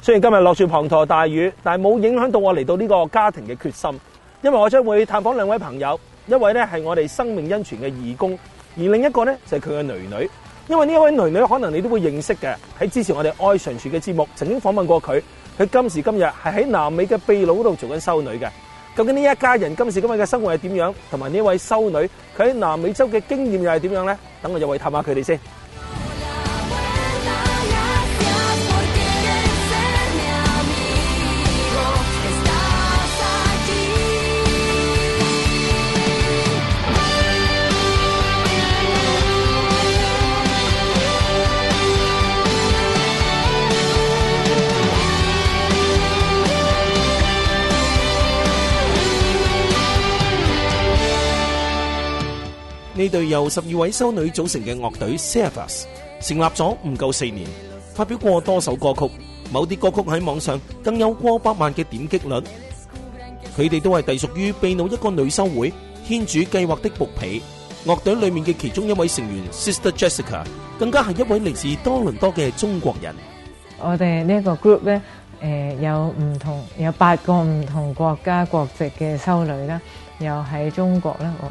雖然今日落住滂沱大雨，但係冇影響到我嚟到呢個家庭嘅決心，因為我將會探訪兩位朋友。一位咧係我哋生命恩泉嘅義工，而另一個咧就係佢嘅女女。因為呢位女女可能你都會認識嘅，喺之前我哋愛常泉嘅節目曾經訪問過佢。佢今時今日係喺南美嘅秘魯度做緊修女嘅。究竟呢一家人今時今日嘅生活係點樣？同埋呢位修女，佢喺南美洲嘅經驗又係點樣咧？等我入去探下佢哋先。一隊由十二位修女組成嘅樂隊 Servus 成立咗唔夠四年，發表過多首歌曲，某啲歌曲喺網上更有過百萬嘅點擊率。佢哋都係隸屬於秘魯一個女修會天主計劃的僕婢樂隊裏面嘅其中一位成員 Sister Jessica 更加係一位嚟自多倫多嘅中國人。我哋呢個 group 咧，誒，有唔同有八個唔同國家國籍嘅修女啦，又喺中國啦，我。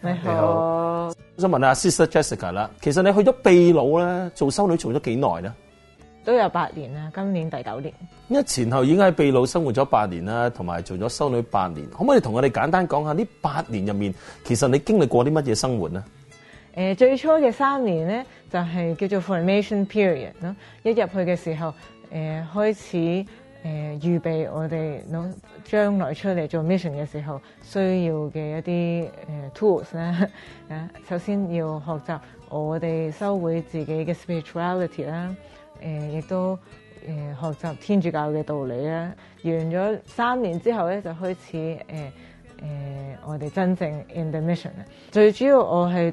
你好，你好，我想問下 Sister Jessica 啦。其實你去咗秘魯咧，做修女做咗幾耐咧？都有八年啦，今年第九年。一前後已經喺秘魯生活咗八年啦，同埋做咗修女八年，可唔可以同我哋簡單講下呢八年入面，其實你經歷過啲乜嘢生活咧？誒、呃，最初嘅三年咧，就係、是、叫做 formation period 咯。一入去嘅時候，誒、呃，開始。誒預備我哋將來出嚟做 mission 嘅時候需要嘅一啲 tools 首先要學習我哋修會自己嘅 spirituality 啦，誒亦都學習天主教嘅道理啦，完咗三年之後咧就開始我哋真正 in the mission 啦，最主要我係。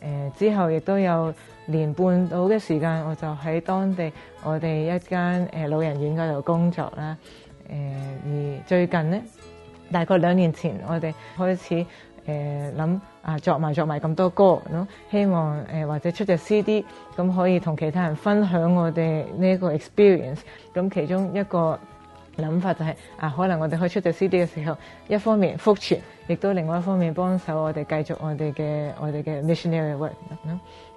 誒之後亦都有年半到嘅時間，我就喺當地我哋一間誒老人院度工作啦。誒而最近咧，大概兩年前我哋開始誒諗啊作埋作埋咁多歌咯，希望誒或者出隻 CD，咁可以同其他人分享我哋呢一個 experience。咁其中一個。諗法就係、是、啊，可能我哋去出隻 CD 嘅時候，一方面復傳，亦都另外一方面幫手我哋繼續我哋嘅我哋嘅 missionary work。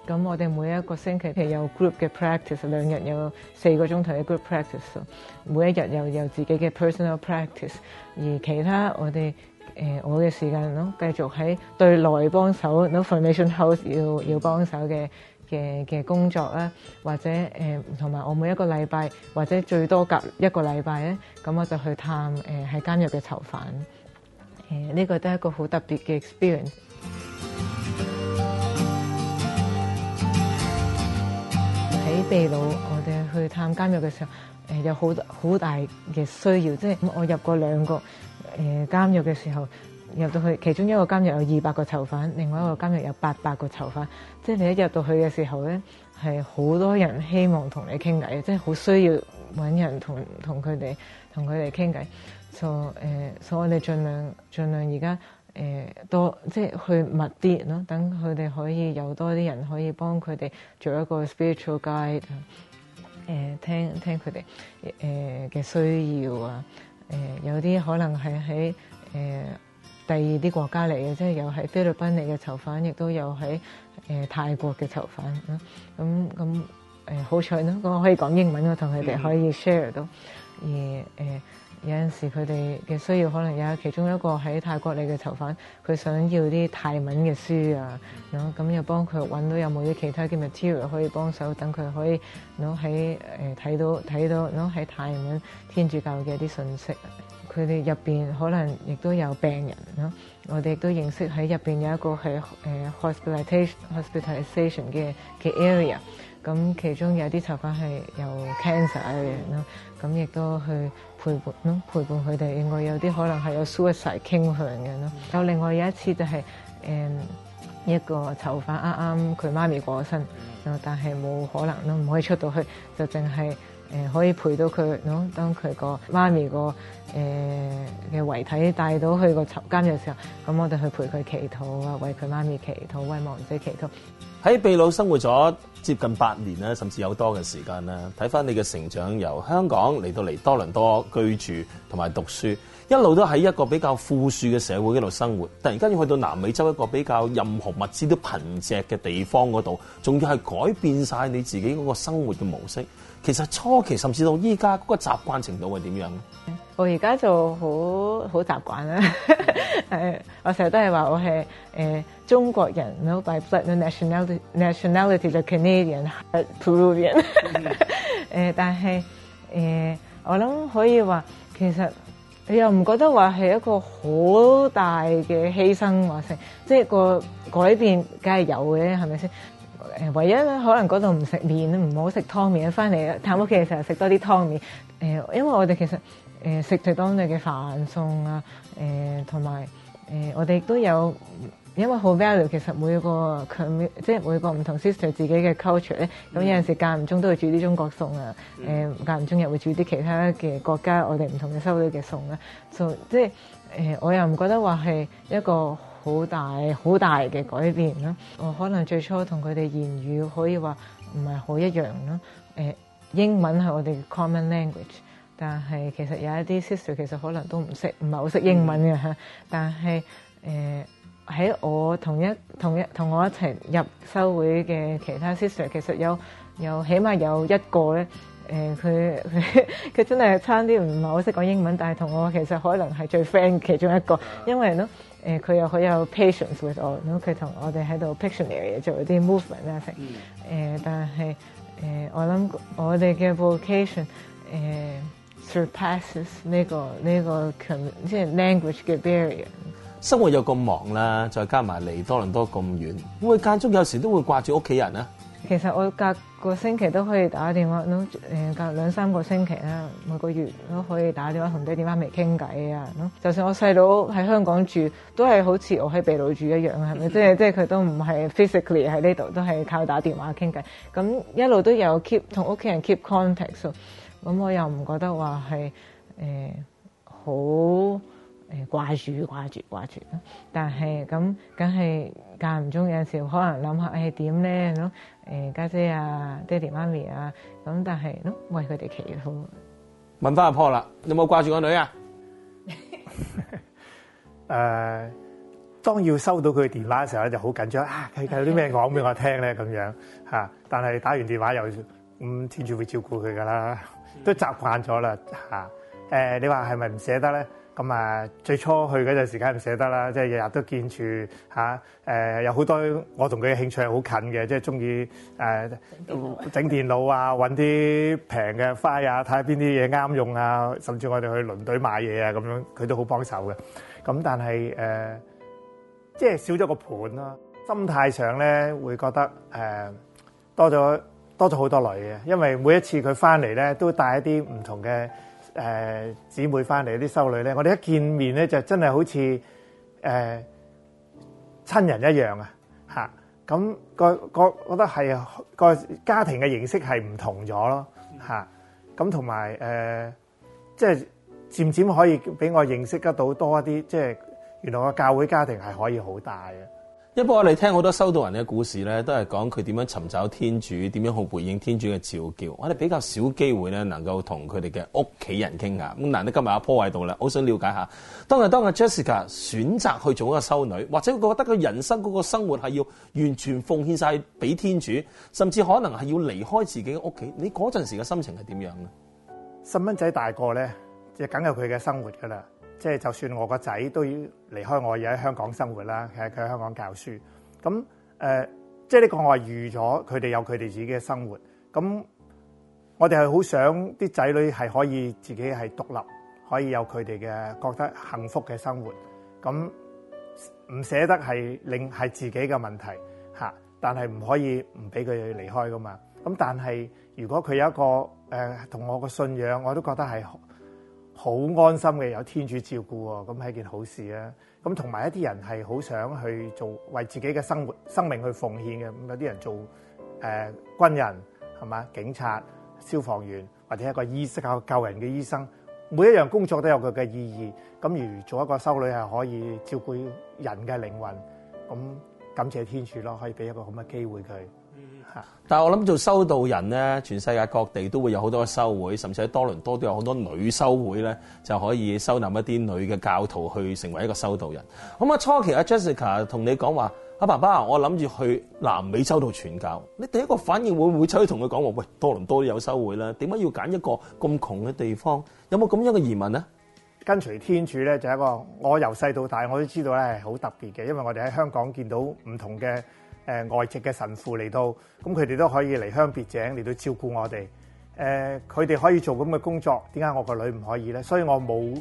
咁我哋每一個星期有 group 嘅 practice，兩日有四個鐘頭嘅 group practice，每一日又有自己嘅 personal practice，而其他我哋、呃、我嘅時間咯，繼續喺對內幫手，o、no、formation house 要要幫手嘅。嘅嘅工作啦，或者誒同埋我每一個禮拜，或者最多隔一個禮拜咧，咁我就去探誒喺監獄嘅囚犯。誒呢個都係一個好特別嘅 experience。喺 秘魯我哋去探監獄嘅時候，誒有好好大嘅需要，即係我入過兩個誒監獄嘅時候。入到去，其中一個監獄有二百個囚犯，另外一個監獄有八百個囚犯。即係你一入到去嘅時候咧，係好多人希望同你傾偈，即係好需要揾人同同佢哋同佢哋傾偈。所所以我哋盡量盡量而家、uh, 多，即係去密啲咯。等佢哋可以有多啲人可以幫佢哋做一個 spiritual guide，、uh, 聽聽佢哋嘅需要啊，uh, 有啲可能係喺第二啲國家嚟嘅，即係有喺菲律賓嚟嘅囚犯，亦都有喺、呃、泰國嘅囚犯。咁、嗯、咁、嗯嗯嗯嗯、好彩咁我可以講英文，我同佢哋可以 share 到。嗯、而、呃、有陣時佢哋嘅需要，可能有其中一個喺泰國嚟嘅囚犯，佢想要啲泰文嘅書啊。咁咁又幫佢揾到有冇啲其他嘅 material 可以幫手，等佢可以攞喺睇到睇到攞喺、嗯、泰文天主教嘅一啲信息。佢哋入邊可能亦都有病人咯，我哋亦都認識喺入邊有一個係誒 hospitalization hospitalization 嘅嘅 area，咁其中有啲囚犯係有 cancer 嘅人咯，咁亦都去陪伴咯，陪伴佢哋。另外有啲可能係有 suicide 傾向嘅咯。有另外有一次就係誒一個囚犯啱啱佢媽咪過身，但係冇可能咯，唔可以出到去，就淨係。誒、呃、可以陪到佢，當佢個媽咪個誒嘅遺體帶到佢去個囚監嘅時候，咁我哋去陪佢祈禱啊，為佢媽咪祈禱，為亡者祈禱。喺秘魯生活咗接近八年啦，甚至有多嘅時間啦。睇翻你嘅成長，由香港嚟到嚟多倫多居住同埋讀書，一路都喺一個比較富庶嘅社會度生活。突然間要去到南美洲一個比較任何物資都貧瘠嘅地方嗰度，仲要係改變晒你自己嗰個生活嘅模式。其實初期甚至到依家嗰個習慣程度係點樣？我而家就好好習慣啦。Mm hmm. 我成日都係話我係、呃、中國人，no by blood nationality nationality Canadian per、mm、Peruvian、hmm. 呃。但係、呃、我諗可以話其實你又唔覺得話係一個好大嘅犧牲，話成即係個改變是有的，梗係有嘅，係咪先？呃、唯一咧可能嗰度唔食麵，唔好食湯麵翻嚟。探屋企嘅時候食多啲湯麵，呃。因為我哋其實食佢、呃、當地嘅飯餸啊，同、呃、埋、呃、我哋都有，因為好 value 其實每個佢即係每個唔同 sister 自己嘅 culture 咧。咁有陣時間唔中都會煮啲中國餸啊，誒間唔中又會煮啲其他嘅國家我哋唔同嘅收到嘅餸啊。就即係、呃、我又唔覺得話係一個好大好大嘅改變囉！我可能最初同佢哋言語可以話唔係好一樣囉。誒，英文係我哋嘅 common language，但係其實有一啲 sister 其實可能都唔識，唔係好識英文嘅嚇。但係誒，喺我同一同一同我一齊入修會嘅其他 sister，其實有有起碼有一個咧。誒，佢佢佢真係差啲唔係好識講英文，但係同我其實可能係最 friend 嘅其中一個，因為咧，誒佢又好有 patience with 我、呃、他我，咁佢同我哋喺度 pictionary 做啲 movement 啊，呃、但係、呃、我諗我哋嘅 vocation、呃、surpasses 呢個呢個即係 language 嘅 barrier。這個、con, bar 生活又咁忙啦，再加埋嚟多倫多咁遠，咁佢間中有時都會掛住屋企人啊。其實我隔個星期都可以打電話，咯隔兩三個星期啦，每個月都可以打電話同爹哋媽咪傾偈啊，就算我細佬喺香港住，都係好似我喺秘魯住一樣，係咪？ 即係即係佢都唔係 physically 喺呢度，都係靠打電話傾偈。咁一路都有 keep 同屋企人 keep contact，咁我又唔覺得話係好誒掛住掛住掛住但係咁，梗係間唔中有陣時候可能諗下係點咧，哎誒家姐，姐啊，爹哋媽咪啊，咁但係咯，為佢哋祈禱。問翻阿婆啦，有冇掛住個女啊？誒， uh, 當要收到佢嘅電話嘅時候咧，就好緊張啊！佢有啲咩講俾我聽咧咁樣，啊、但係打完電話又咁天主會照顧佢噶啦，都習慣咗啦，啊啊、你話係咪唔捨得咧？咁啊，最初去嗰陣時間唔捨得啦，即係日日都見住嚇，誒有好多我同佢嘅興趣係好近嘅，即係中意誒整電腦啊，揾啲平嘅花啊，睇下邊啲嘢啱用啊，甚至我哋去輪隊買嘢啊，咁樣佢都好幫手嘅。咁但係誒，即係少咗個伴啦。心態上咧會覺得誒多咗多咗好多女嘅，因為每一次佢翻嚟咧都帶一啲唔同嘅。誒姊、呃、妹翻嚟啲修女咧，我哋一見面咧就真係好似誒親人一樣啊！吓、那、咁個個覺得係個家庭嘅形式係唔同咗咯，吓，咁同埋誒即係漸漸可以俾我認識得到多一啲，即、就、係、是、原來個教會家庭係可以好大嘅。一般我哋聽好多修道人嘅故事咧，都係講佢點樣尋找天主，點樣去回應天主嘅召叫。我哋比較少機會咧，能夠同佢哋嘅屋企人傾下。咁難得今日阿波喺度啦，好想了解下，當日當阿 Jessica 選擇去做一個修女，或者覺得佢人生嗰個生活係要完全奉獻晒俾天主，甚至可能係要離開自己屋企，你嗰陣時嘅心情係點樣呢？細蚊仔大個咧，就梗係佢嘅生活噶啦。即係就算我個仔都要離開我而喺香港生活啦，其實佢喺香港教書，咁誒、呃，即係呢個我係預咗佢哋有佢哋自己嘅生活，咁我哋係好想啲仔女係可以自己係獨立，可以有佢哋嘅覺得幸福嘅生活，咁唔捨得係令係自己嘅問題嚇，但係唔可以唔俾佢離開㗎嘛，咁但係如果佢有一個誒同、呃、我嘅信仰，我都覺得係。好安心嘅有天主照顧，咁係件好事啊！咁同埋一啲人係好想去做為自己嘅生活生命去奉獻嘅，咁有啲人做誒、呃、軍人係嘛，警察、消防員或者一個醫師，救救人嘅醫生，每一樣工作都有佢嘅意義。咁如做一個修女係可以照顧人嘅靈魂，咁感謝天主咯，可以俾一個咁嘅機會佢。但係我諗做修道人咧，全世界各地都會有好多修會，甚至喺多倫多都有好多女修會咧，就可以收納一啲女嘅教徒去成為一個修道人。咁啊初期阿 Jessica 同你講話，阿爸爸，我諗住去南美洲度傳教。你第一個反應會唔會走去同佢講話？喂，多倫多都有修會啦，點解要揀一個咁窮嘅地方？有冇咁樣嘅疑問咧？跟隨天主咧，就係一個我由細到大我都知道咧係好特別嘅，因為我哋喺香港見到唔同嘅。誒、呃、外籍嘅神父嚟到，咁佢哋都可以離鄉別井嚟到照顧我哋。誒、呃，佢哋可以做咁嘅工作，點解我個女唔可以咧？所以我冇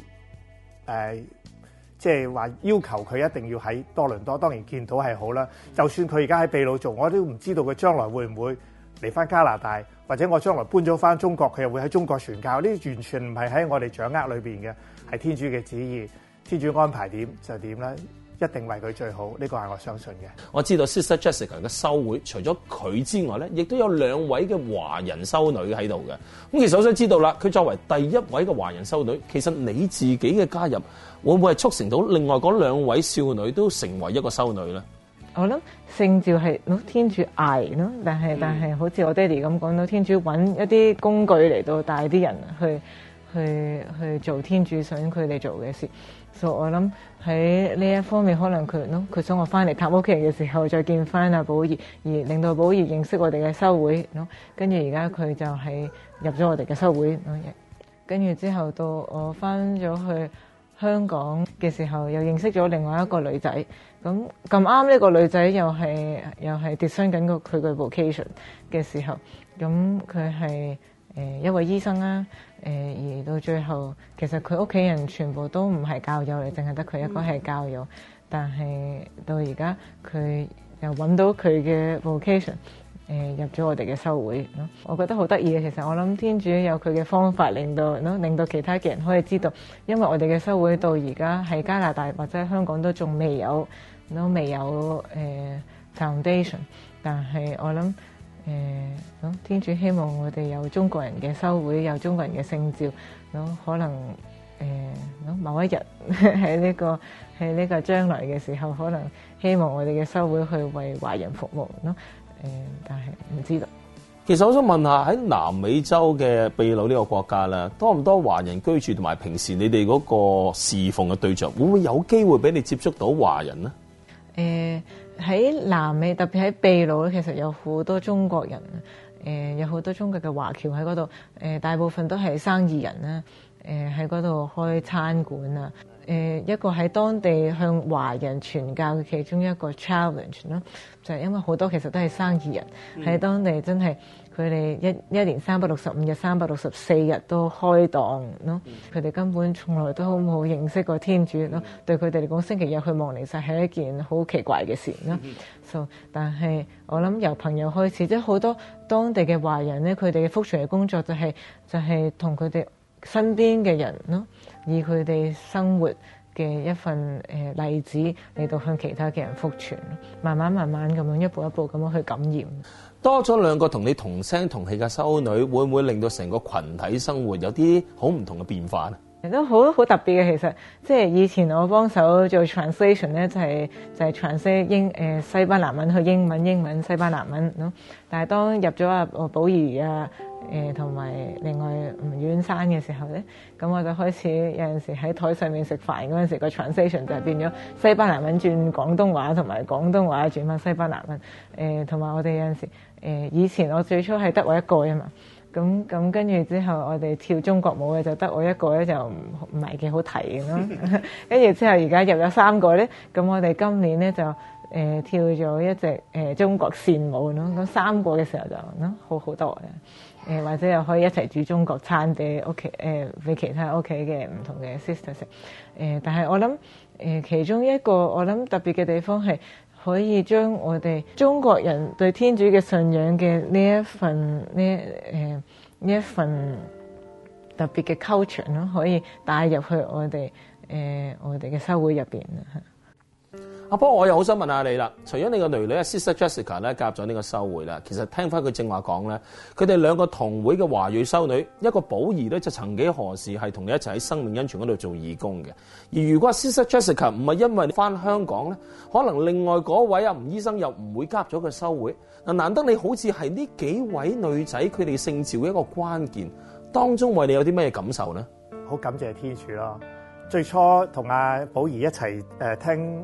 誒，即係話要求佢一定要喺多倫多。當然見到係好啦，就算佢而家喺秘魯做，我都唔知道佢將來會唔會嚟返加拿大，或者我將來搬咗返中國，佢又會喺中國傳教。呢啲完全唔係喺我哋掌握裏邊嘅，係天主嘅旨意，天主安排點就點啦。一定為佢最好，呢個係我相信嘅。我知道 Sister Jessica 嘅修會，除咗佢之外咧，亦都有兩位嘅華人修女喺度嘅。咁其實我想知道啦，佢作為第一位嘅華人修女，其實你自己嘅加入，會唔會係促成到另外嗰兩位少女都成為一個修女咧？我諗聖召係老天主嗌咯，但係、嗯、但係好似我爹哋咁講，老天主揾一啲工具嚟到帶啲人去去去做天主想佢哋做嘅事。所以、so, 我諗喺呢一方面，可能佢咯，佢想我翻嚟探屋企嘅時候再見翻阿寶儀，而令到寶儀認識我哋嘅修會咯。跟住而家佢就係入咗我哋嘅修會。跟住之後到我翻咗去香港嘅時候，又認識咗另外一個女仔。咁咁啱呢個女仔又係又係跌傷緊個佢嘅 vocation 嘅時候，咁佢係。誒一位醫生啦，誒而到最後，其實佢屋企人全部都唔係教友嚟，淨係得佢一個係教友。但係到而家佢又揾到佢嘅 vocation，誒入咗我哋嘅修會咯。我覺得好得意嘅，其實我諗天主有佢嘅方法，令到咯，令到其他嘅人可以知道。因為我哋嘅修會到而家喺加拿大或者香港都仲未有，都未有誒 foundation。但係我諗。誒，咁、呃、天主希望我哋有中國人嘅修會，有中國人嘅聖召。咁、呃、可能誒、呃，某一日喺呢個喺呢個將來嘅時候，可能希望我哋嘅修會去為華人服務咯。誒、呃，但係唔知道。其實我想問下喺南美洲嘅秘魯呢個國家啦，多唔多華人居住，同埋平時你哋嗰個侍奉嘅對象，會唔會有機會俾你接觸到華人呢？誒、呃。喺南美，特別喺秘魯咧，其實有好多中國人，呃、有好多中國嘅華僑喺嗰度，誒大部分都係生意人啦，誒喺嗰度開餐館啊、呃，一個喺當地向華人傳教嘅其中一個 challenge 咯。就係、是、因為好多其實都係生意人喺當地真係。佢哋一一年三百六十五日、三百六十四日都開檔咯，佢哋、嗯、根本從來都好冇認識過天主咯。嗯、對佢哋嚟講，星期日去望彌撒係一件好奇怪嘅事咯。嗯、so, 但係我諗由朋友開始，即係好多當地嘅華人咧，佢哋嘅福傳嘅工作就係、是、就係同佢哋身邊嘅人咯，以佢哋生活。嘅一份例子嚟到向其他嘅人復傳，慢慢慢慢咁樣一步一步咁樣去感染。多咗兩個同你同聲同氣嘅修女，會唔會令到成個群體生活有啲好唔同嘅變化啊？都好好特別嘅，其實即係以前我幫手做 translation 咧，就係就係 translate 英誒西班牙文去英文，英文西班牙文咯。但係當入咗阿寶怡啊。誒同埋另外吳婉山嘅時候咧，咁我就開始有陣時喺台上面食飯嗰陣時，個 translation 就係變咗西班牙文轉廣東話同埋廣東話轉翻西班牙文。誒同埋我哋有陣時，誒、呃、以前我最初係得我一個啊嘛，咁咁跟住之後我哋跳中國舞嘅就得我一個咧，就唔係幾好睇嘅咯。跟住之後而家又有三個咧，咁我哋今年咧就。誒、呃、跳咗一隻、呃、中國扇舞咯，咁、呃、三個嘅時候就，呃、好好多嘅、呃，或者又可以一齊煮中國餐俾屋企，誒、呃、俾其他屋企嘅唔同嘅 sisters 食，呃、但係我諗、呃、其中一個我諗特別嘅地方係可以將我哋中國人對天主嘅信仰嘅呢一份呢呢一，呃、一份特別嘅 culture 咯，可以帶入去我哋、呃、我哋嘅修會入邊。啊。阿波，我又好想問下你啦。除咗你個女女，啊，Sister Jessica 咧，夾咗呢個修會啦。其實聽翻佢正話講咧，佢哋兩個同會嘅華裔修女，一個寶儀咧就曾幾何時係同你一齊喺生命恩泉嗰度做義工嘅。而如果阿 Sister Jessica 唔係因為翻香港咧，可能另外嗰位啊吳醫生又唔會夾咗佢修會。嗱，難得你好似係呢幾位女仔，佢哋聖召嘅一個關鍵當中為你有啲咩感受咧？好感謝天主咯。最初同阿寶儀一齊誒聽。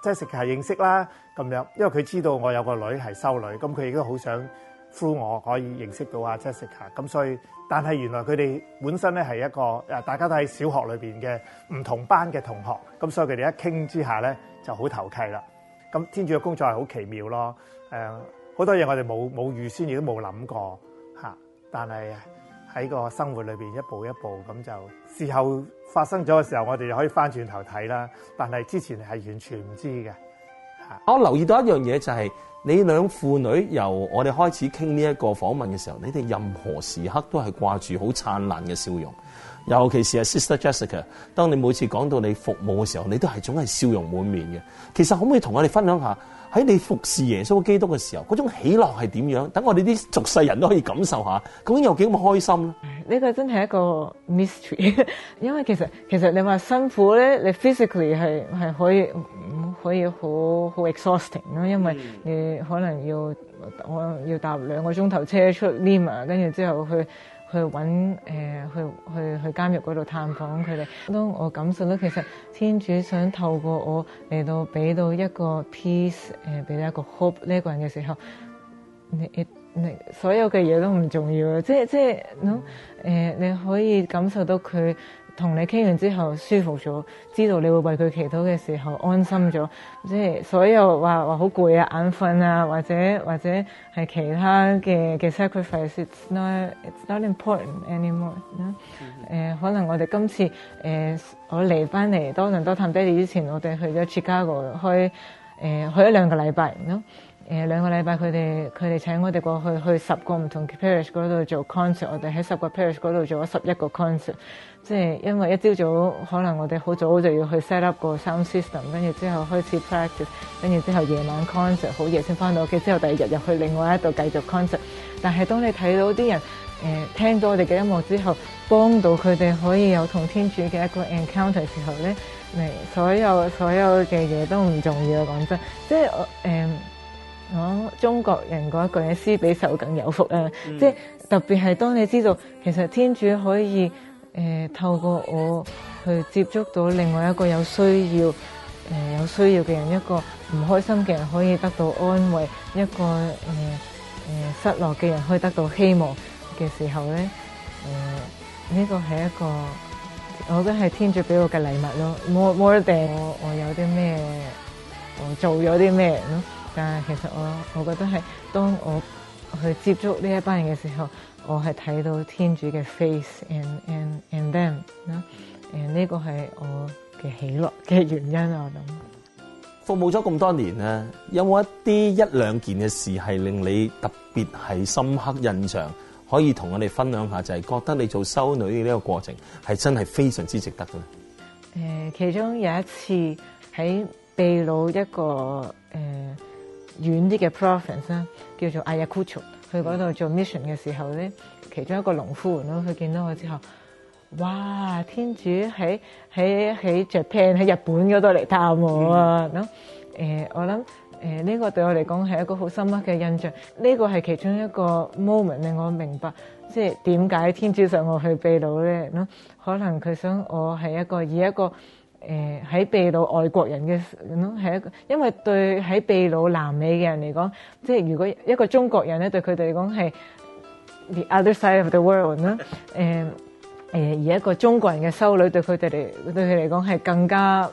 即係 Jessica 認識啦咁樣，因為佢知道我有個女係修女，咁佢亦都好想呼我可以認識到啊 Jessica 咁，所以，但係原來佢哋本身咧係一個誒，大家都喺小學裏邊嘅唔同班嘅同學，咁所以佢哋一傾之下咧就好投契啦。咁天主嘅工作係好奇妙咯，誒好多嘢我哋冇冇預先亦都冇諗過嚇，但係。喺個生活裏邊一步一步咁就事後發生咗嘅時候，我哋就可以翻轉頭睇啦。但係之前係完全唔知嘅。我留意到一樣嘢就係你兩父女由我哋開始傾呢一個訪問嘅時候，你哋任何時刻都係掛住好燦爛嘅笑容，尤其是阿 Sister Jessica，當你每次講到你服務嘅時候，你都係總係笑容滿面嘅。其實可唔可以同我哋分享下？喺你服侍耶穌基督嘅時候，嗰種喜樂係點樣？等我哋啲俗世人都可以感受下，究竟有幾咁開心咧？呢個真係一個 mystery，因為其實其實你話辛苦咧，你 physically 係係可以、嗯、可以好好 exhausting 咯，ex usting, 因為你可能要可能要搭兩個鐘頭車出 Lima，跟住之後去。去揾誒、呃、去去去監獄嗰度探訪佢哋，當、no，我感受到其實天主想透過我嚟到俾到一個 peace 誒、呃，俾到一個 hope 呢個人嘅時候，你你、你所有嘅嘢都唔重要嘅，即係即係 no、呃、你可以感受到佢。同你傾完之後舒服咗，知道你會為佢祈禱嘅時候安心咗，即係所有話話好攰啊、眼瞓啊，或者或者係其他嘅嘅 sacrifice，it's, mm hmm. not it's not important anymore, you know? mm hmm. 呃，可能我哋今次、呃、我嚟翻嚟多倫多探爹哋之前，我哋去咗芝加哥去誒開一兩、呃、個禮拜。You know? 誒兩個禮拜他們，佢哋佢哋請我哋過去，去十個唔同 parish 嗰度做 concert。我哋喺十個 parish 嗰度做咗十一個 concert。即係因為一朝早可能我哋好早就要去 set up 個 sound system，跟住之後開始 practice，跟住之後夜晚 concert 好夜先翻到屋企。之後第二日又去另外一度繼續 concert。但係當你睇到啲人誒、呃、聽到我哋嘅音樂之後，幫到佢哋可以有同天主嘅一個 encounter 時候咧，所有所有嘅嘢都唔重要，講講真，即係我、呃我中國人嘅一句嘢，施比受更有福啊！即係特別係當你知道其實天主可以誒透過我去接觸到另外一個有需要誒有需要嘅人，一個唔開心嘅人可以得到安慰，一個誒誒失落嘅人可以得到希望嘅時候咧，誒呢個係一個我覺得係天主俾我嘅禮物咯。冇冇一定我我有啲咩我做咗啲咩咯？其實我我覺得係當我去接觸呢一班人嘅時候，我係睇到天主嘅 face，and and and then，嗱，誒呢個係我嘅喜樂嘅原因啊，我諗服務咗咁多年啊，有冇一啲一兩件嘅事係令你特別係深刻印象，可以同我哋分享下？就係，是，覺得你做修女嘅呢個過程係真係非常之值得嘅。誒、呃，其中有一次喺秘魯一個誒。呃遠啲嘅 province 啦，叫做 Ayacucho，去嗰度做 mission 嘅時候咧，其中一個農夫咯，佢見到我之後，哇！天主喺喺喺 Japan 喺日本嗰度嚟探我啊！嗯呃、我諗呢、呃這個對我嚟講係一個好深刻嘅印象，呢、這個係其中一個 moment 令我明白，即係點解天主想我去秘魯咧？咯、呃，可能佢想我係一個以一個。誒喺秘魯外國人嘅咁咯，係一個，因為對喺秘魯南美嘅人嚟講，即係如果一個中國人咧，對佢哋嚟講係 the other side of the world 啦，誒誒而一個中國人嘅修女對佢哋嚟對佢嚟講係更加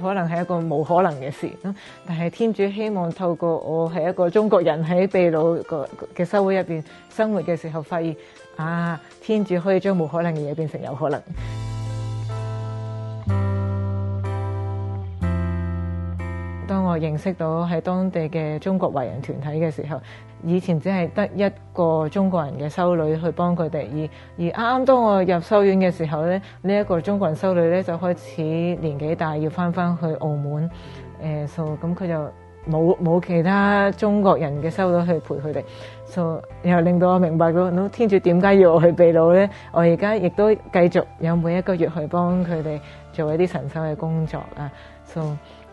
可能係一個冇可能嘅事啦。但係天主希望透過我係一個中國人喺秘魯個嘅修會入邊生活嘅時候，發現啊，天主可以將冇可能嘅嘢變成有可能。認識到喺當地嘅中國華人團體嘅時候，以前只係得一個中國人嘅修女去幫佢哋。而而啱啱當我入修院嘅時候咧，呢一個中國人修女咧就開始年紀大，要返返去澳門誒，so 咁佢就冇冇其他中國人嘅修女去陪佢哋，就又令到我明白到，咁天主點解要我去秘魯咧？我而家亦都繼續有每一個月去幫佢哋做一啲神修嘅工作啊，so。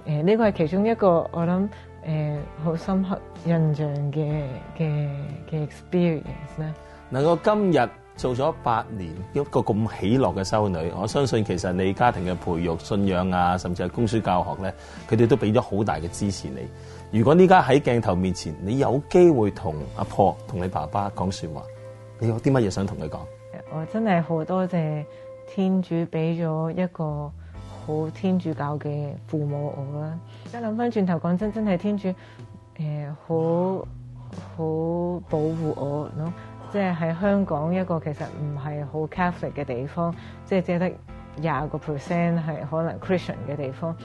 誒，呢個係其中一個我諗，誒好深刻印象嘅嘅嘅 experience 啦。能夠今日做咗八年一個咁喜樂嘅修女，我相信其實你家庭嘅培育、信仰啊，甚至係供書教學咧，佢哋都俾咗好大嘅支持你。如果呢家喺鏡頭面前，你有機會同阿婆同你爸爸講說話，你有啲乜嘢想同佢講？我真係好多謝天主俾咗一個。好天主教嘅父母我啦，一諗翻轉頭講真，真係天主誒好好保護我咯。 即係喺香港一個其實唔係好 Catholic 嘅地方，即係只得廿個 percent 係可能 Christian 嘅地方。誒、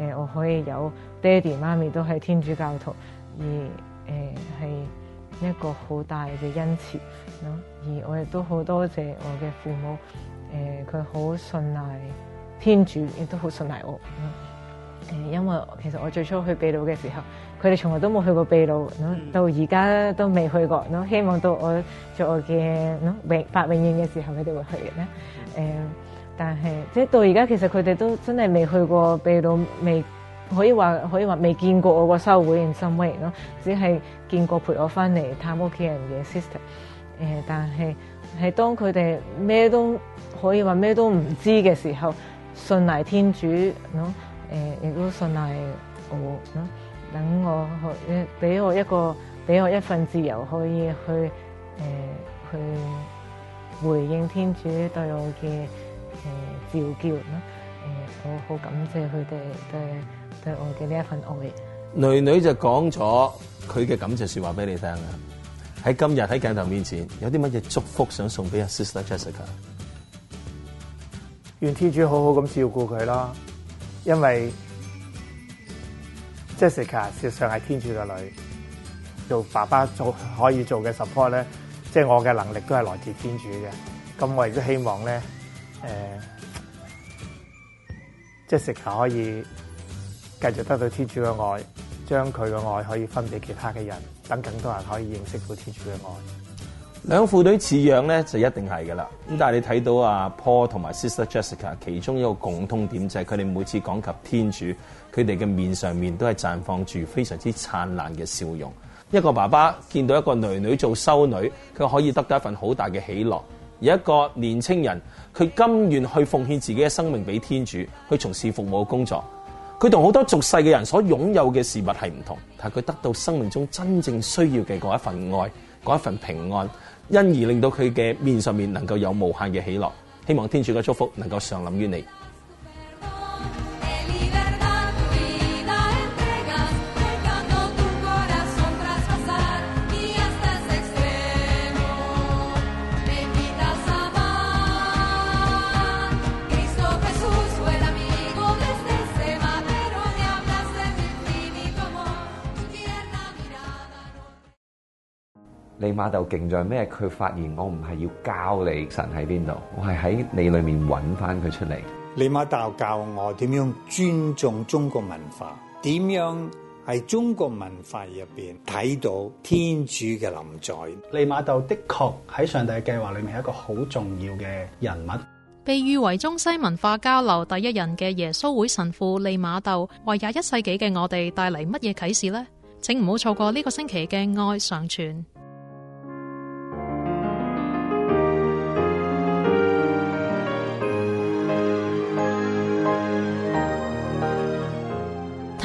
呃，我可以有爹哋媽咪都係天主教徒，而誒係、呃、一個好大嘅恩賜咯。而我亦都好多謝我嘅父母，誒佢好信賴天主亦都好信賴我，誒，因為其實我最初去秘魯嘅時候，佢哋從來都冇去過秘魯，到而家都未去過，希望到我做我嘅永發永願嘅時候，佢哋會去嘅咧。誒，但係即係到而家，其實佢哋都真係未去過秘魯，未可以話可以話未見過我個修會 in some way 咯，只係見過陪我翻嚟探屋企人嘅 sister。誒，但係係當佢哋咩都可以話咩都唔知嘅時候。信賴天主咯，誒，亦都信賴我咯，等我去，俾我一個，俾我一份自由，可以去，誒、呃，去回應天主對我嘅誒、呃、召叫咯。誒、呃，我好感謝佢哋對對我嘅呢一份愛。女女就講咗佢嘅感謝説話俾你聽啦。喺今日喺鏡頭面前，有啲乜嘢祝福想送俾阿 Sister Jessica？願天主好好咁照顧佢啦，因為 Jessica 事實上係天主嘅女，做爸爸做可以做嘅 support 咧，即係我嘅能力都係來自天主嘅。咁我亦都希望咧，誒、呃，Jessica 可以繼續得到天主嘅愛，將佢嘅愛可以分俾其他嘅人，等更多人可以認識到天主嘅愛。兩父女似樣咧，就一定係噶啦。咁但係你睇到阿、啊、Paul 同埋 Sister Jessica，其中一個共通點就係佢哋每次講及天主，佢哋嘅面上面都係綻放住非常之燦爛嘅笑容。一個爸爸見到一個女女做修女，佢可以得到一份好大嘅喜樂；而一個年青人，佢甘願去奉獻自己嘅生命俾天主，去從事服務工作。佢同好多俗世嘅人所擁有嘅事物係唔同，但係佢得到生命中真正需要嘅嗰一份愛，嗰一份平安。因而令到佢嘅面上面能夠有無限嘅喜樂，希望天主嘅祝福能夠常臨於你。利瑪竇勁在咩？佢發現，我唔係要教你神喺邊度，我係喺你裏面揾翻佢出嚟。利瑪竇教我點樣尊重中國文化，點樣喺中國文化入邊睇到天主嘅臨在。利瑪竇的確喺上帝計劃裏面係一個好重要嘅人物。被譽為中西文化交流第一人嘅耶穌會神父利瑪竇，為廿一世紀嘅我哋帶嚟乜嘢啟示呢？請唔好錯過呢個星期嘅愛上傳。